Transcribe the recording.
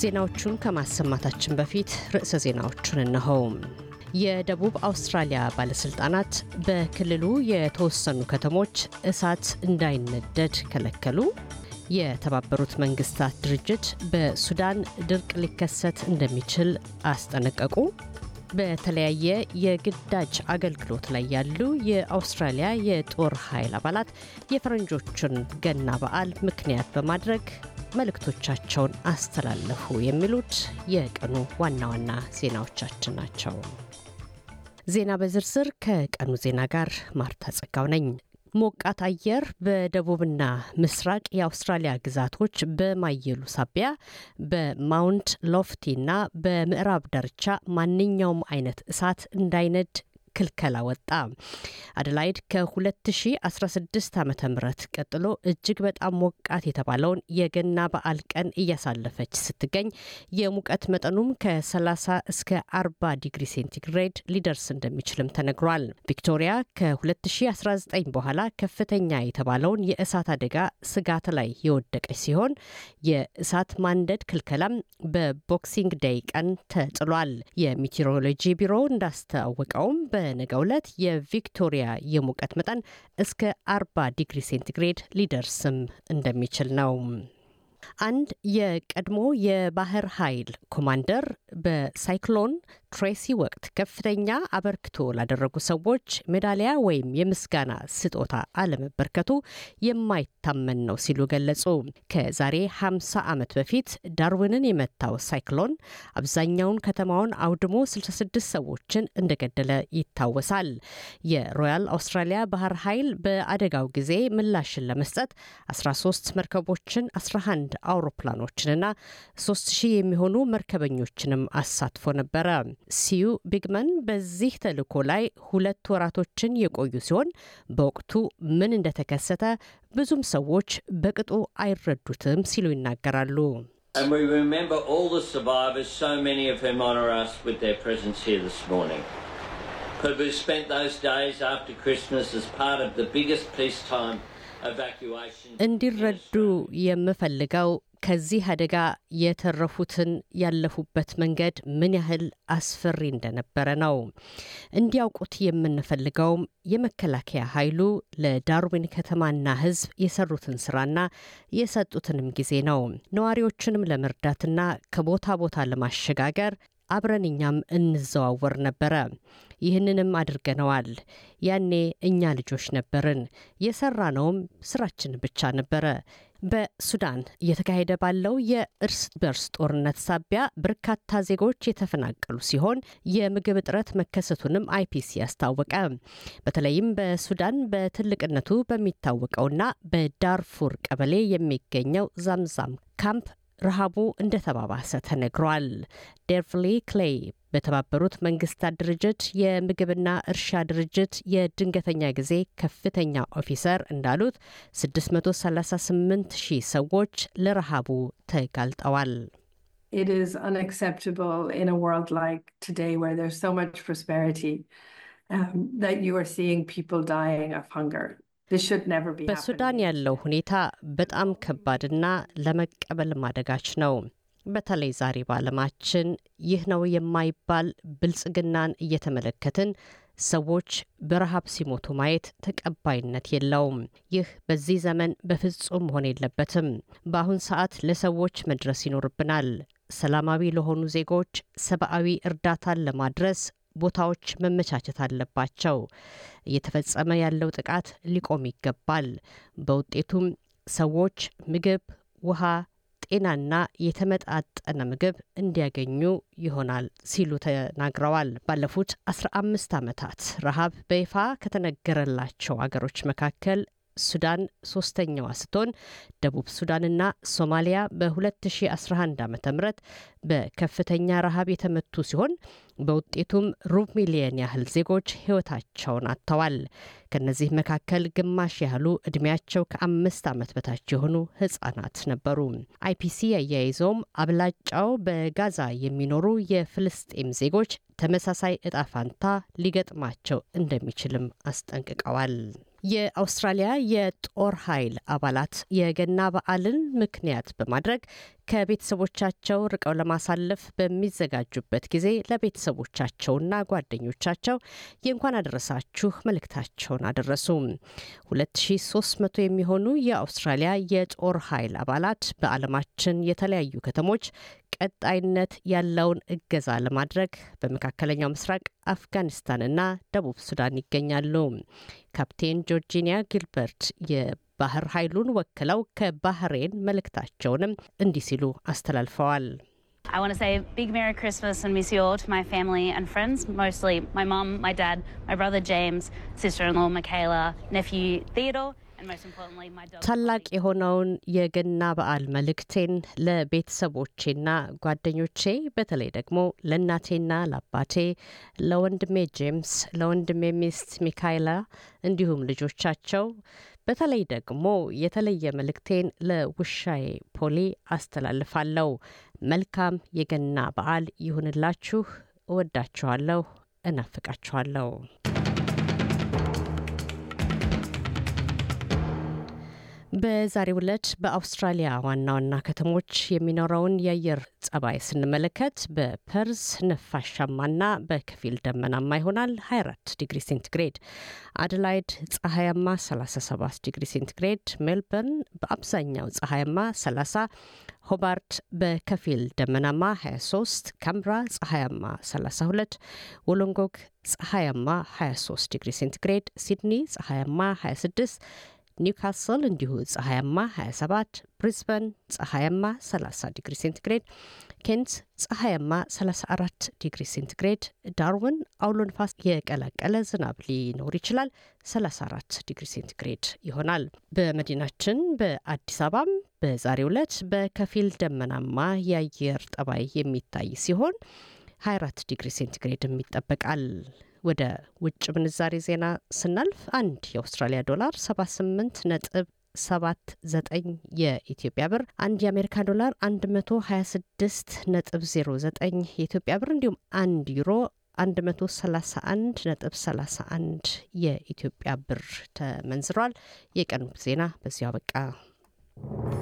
ዜናዎቹን ከማሰማታችን በፊት ርዕሰ ዜናዎቹን እነኸው። የደቡብ አውስትራሊያ ባለሥልጣናት በክልሉ የተወሰኑ ከተሞች እሳት እንዳይነደድ ከለከሉ። የተባበሩት መንግሥታት ድርጅት በሱዳን ድርቅ ሊከሰት እንደሚችል አስጠነቀቁ። በተለያየ የግዳጅ አገልግሎት ላይ ያሉ የአውስትራሊያ የጦር ኃይል አባላት የፈረንጆቹን ገና በዓል ምክንያት በማድረግ መልእክቶቻቸውን አስተላለፉ የሚሉት የቀኑ ዋና ዋና ዜናዎቻችን ናቸው። ዜና በዝርዝር ከቀኑ ዜና ጋር ማርታ ጸጋው ነኝ። ሞቃት አየር በደቡብና ምስራቅ የአውስትራሊያ ግዛቶች በማየሉ ሳቢያ በማውንት ሎፍቲ በምዕራብ ዳርቻ ማንኛውም አይነት እሳት እንዳይነድ ክልከላ ወጣ። አደላይድ ከ2016 ዓ ም ቀጥሎ እጅግ በጣም ሞቃት የተባለውን የገና በዓል ቀን እያሳለፈች ስትገኝ የሙቀት መጠኑም ከ30 እስከ 40 ዲግሪ ሴንቲግሬድ ሊደርስ እንደሚችልም ተነግሯል። ቪክቶሪያ ከ2019 በኋላ ከፍተኛ የተባለውን የእሳት አደጋ ስጋት ላይ የወደቀች ሲሆን የእሳት ማንደድ ክልከላም በቦክሲንግ ደይ ቀን ተጥሏል። የሚቴሮሎጂ ቢሮ እንዳስታወቀውም በ በነገ ዕለት የቪክቶሪያ የሙቀት መጠን እስከ 40 ዲግሪ ሴንቲግሬድ ሊደርስም እንደሚችል ነው። አንድ የቀድሞ የባህር ኃይል ኮማንደር በሳይክሎን ትሬሲ ወቅት ከፍተኛ አበርክቶ ላደረጉ ሰዎች ሜዳሊያ ወይም የምስጋና ስጦታ አለመበርከቱ የማይታመን ነው ሲሉ ገለጹ። ከዛሬ 50 ዓመት በፊት ዳርዊንን የመታው ሳይክሎን አብዛኛውን ከተማውን አውድሞ 66 ሰዎችን እንደገደለ ይታወሳል። የሮያል አውስትራሊያ ባህር ኃይል በአደጋው ጊዜ ምላሽን ለመስጠት 13 መርከቦችን 11 አንድ አውሮፕላኖችንና ሶስት ሺህ የሚሆኑ መርከበኞችንም አሳትፎ ነበረ። ሲዩ ቢግመን በዚህ ተልእኮ ላይ ሁለት ወራቶችን የቆዩ ሲሆን በወቅቱ ምን እንደተከሰተ ብዙም ሰዎች በቅጡ አይረዱትም ሲሉ ይናገራሉ። But we spent those days after Christmas as part of the biggest peacetime እንዲረዱ የምፈልገው ከዚህ አደጋ የተረፉትን ያለፉበት መንገድ ምን ያህል አስፈሪ እንደነበረ ነው። እንዲያውቁት የምንፈልገውም የመከላከያ ኃይሉ ለዳርዊን ከተማና ሕዝብ የሰሩትን ስራና የሰጡትንም ጊዜ ነው። ነዋሪዎችንም ለመርዳትና ከቦታ ቦታ ለማሸጋገር አብረን እኛም እንዘዋወር ነበረ። ይህንንም አድርገነዋል። ያኔ እኛ ልጆች ነበርን። የሰራነውም ስራችን ብቻ ነበረ። በሱዳን እየተካሄደ ባለው የእርስ በርስ ጦርነት ሳቢያ በርካታ ዜጎች የተፈናቀሉ ሲሆን የምግብ እጥረት መከሰቱንም አይፒሲ አስታወቀ። በተለይም በሱዳን በትልቅነቱ በሚታወቀውና በዳርፉር ቀበሌ የሚገኘው ዛምዛም ካምፕ ረሃቡ እንደተባባሰ ተነግሯል። ዴርፍሊ ክሌይ በተባበሩት መንግስታት ድርጅት የምግብና እርሻ ድርጅት የድንገተኛ ጊዜ ከፍተኛ ኦፊሰር እንዳሉት 638 ሺህ ሰዎች ለረሃቡ ተጋልጠዋል። It is unacceptable in a world like today where there's so much prosperity um, that you are seeing people dying of hunger. በሱዳን ያለው ሁኔታ በጣም ከባድና ለመቀበል ማደጋች ነው። በተለይ ዛሬ በዓለማችን ይህ ነው የማይባል ብልጽግናን እየተመለከትን ሰዎች በረሃብ ሲሞቱ ማየት ተቀባይነት የለውም። ይህ በዚህ ዘመን በፍጹም መሆን የለበትም። በአሁን ሰዓት ለሰዎች መድረስ ይኖርብናል። ሰላማዊ ለሆኑ ዜጎች ሰብአዊ እርዳታን ለማድረስ ቦታዎች መመቻቸት አለባቸው። እየተፈጸመ ያለው ጥቃት ሊቆም ይገባል። በውጤቱም ሰዎች ምግብ፣ ውሃ፣ ጤናና የተመጣጠነ ምግብ እንዲያገኙ ይሆናል ሲሉ ተናግረዋል። ባለፉት አስራ አምስት ዓመታት ረሃብ በይፋ ከተነገረላቸው አገሮች መካከል ሱዳን ሶስተኛዋ ስትሆን ደቡብ ሱዳንና ሶማሊያ በ2011 ዓ ም በከፍተኛ ረሃብ የተመቱ ሲሆን በውጤቱም ሩብ ሚሊየን ያህል ዜጎች ህይወታቸውን አጥተዋል። ከእነዚህ መካከል ግማሽ ያህሉ ዕድሜያቸው ከአምስት ዓመት በታች የሆኑ ሕጻናት ነበሩ። አይፒሲ አያይዘውም አብላጫው በጋዛ የሚኖሩ የፍልስጤም ዜጎች ተመሳሳይ እጣፋንታ ሊገጥማቸው እንደሚችልም አስጠንቅቀዋል። የአውስትራሊያ የጦር ኃይል አባላት የገና በዓልን ምክንያት በማድረግ ከቤተሰቦቻቸው ርቀው ለማሳለፍ በሚዘጋጁበት ጊዜ ለቤተሰቦቻቸውና ጓደኞቻቸው የእንኳን አደረሳችሁ መልእክታቸውን አደረሱ። 2300 የሚሆኑ የአውስትራሊያ የጦር ኃይል አባላት በዓለማችን የተለያዩ ከተሞች ቀጣይነት ያለውን እገዛ ለማድረግ በመካከለኛው ምስራቅ አፍጋኒስታንና ደቡብ ሱዳን ይገኛሉ። ካፕቴን ጆርጂኒያ ጊልበርት የባህር ኃይሉን ወክለው ከባህሬን መልእክታቸውንም እንዲህ ሲሉ አስተላልፈዋል። I want to say a big Merry Christmas and Miss you all to my family and friends, mostly my mum, my dad, my brother James, sister in law Michaela, nephew Theodore. ታላቅ የሆነውን የገና በዓል መልእክቴን ለቤተሰቦቼና ጓደኞቼ በተለይ ደግሞ ለእናቴና ለአባቴ፣ ለወንድሜ ጄምስ፣ ለወንድሜ ሚስት ሚካኤላ እንዲሁም ልጆቻቸው በተለይ ደግሞ የተለየ መልእክቴን ለውሻዬ ፖሊ አስተላልፋለሁ። መልካም የገና በዓል ይሁንላችሁ። እወዳችኋለሁ። እናፍቃችኋለሁ። በዛሬው ዕለት በአውስትራሊያ ዋና ዋና ከተሞች የሚኖረውን የአየር ጸባይ ስንመለከት በፐርዝ ነፋሻማና በከፊል ደመናማ ይሆናል 24 ዲግሪ ሴንቲግሬድ፣ አደላይድ ፀሐያማ 37 ዲግሪ ሴንቲግሬድ፣ ሜልበርን በአብዛኛው ፀሐያማ 30 ሆባርት በከፊል ደመናማ 23፣ ካምብራ ፀሐያማ 32፣ ወሎንጎግ ፀሐያማ 23 ዲግሪ ሴንቲግሬድ፣ ሲድኒ ፀሐያማ 26 ኒውካስል እንዲሁ ፀሐያማ 27፣ ብሪስበን ፀሐያማ 30 ዲግሪ ሴንቲግሬድ፣ ኬንት ፀሐያማ 34 ዲግሪ ሴንቲግሬድ፣ ዳርዊን አውሎ ንፋስ የቀላቀለ ዝናብ ሊኖር ይችላል 34 ዲግሪ ሴንቲግሬድ ይሆናል። በመዲናችን በአዲስ አበባም በዛሬ ዕለት በከፊል ደመናማ የአየር ጠባይ የሚታይ ሲሆን 24 ዲግሪ ሴንቲግሬድም ይጠበቃል። ወደ ውጭ ምንዛሬ ዜና ስናልፍ አንድ የአውስትራሊያ ዶላር 78 ነጥብ 79 የኢትዮጵያ ብር፣ አንድ የአሜሪካ ዶላር 126 ነጥብ 09 የኢትዮጵያ ብር እንዲሁም አንድ ዩሮ 131 ነጥብ 31 የኢትዮጵያ ብር ተመንዝሯል። የቀን ዜና በዚሁ አበቃ።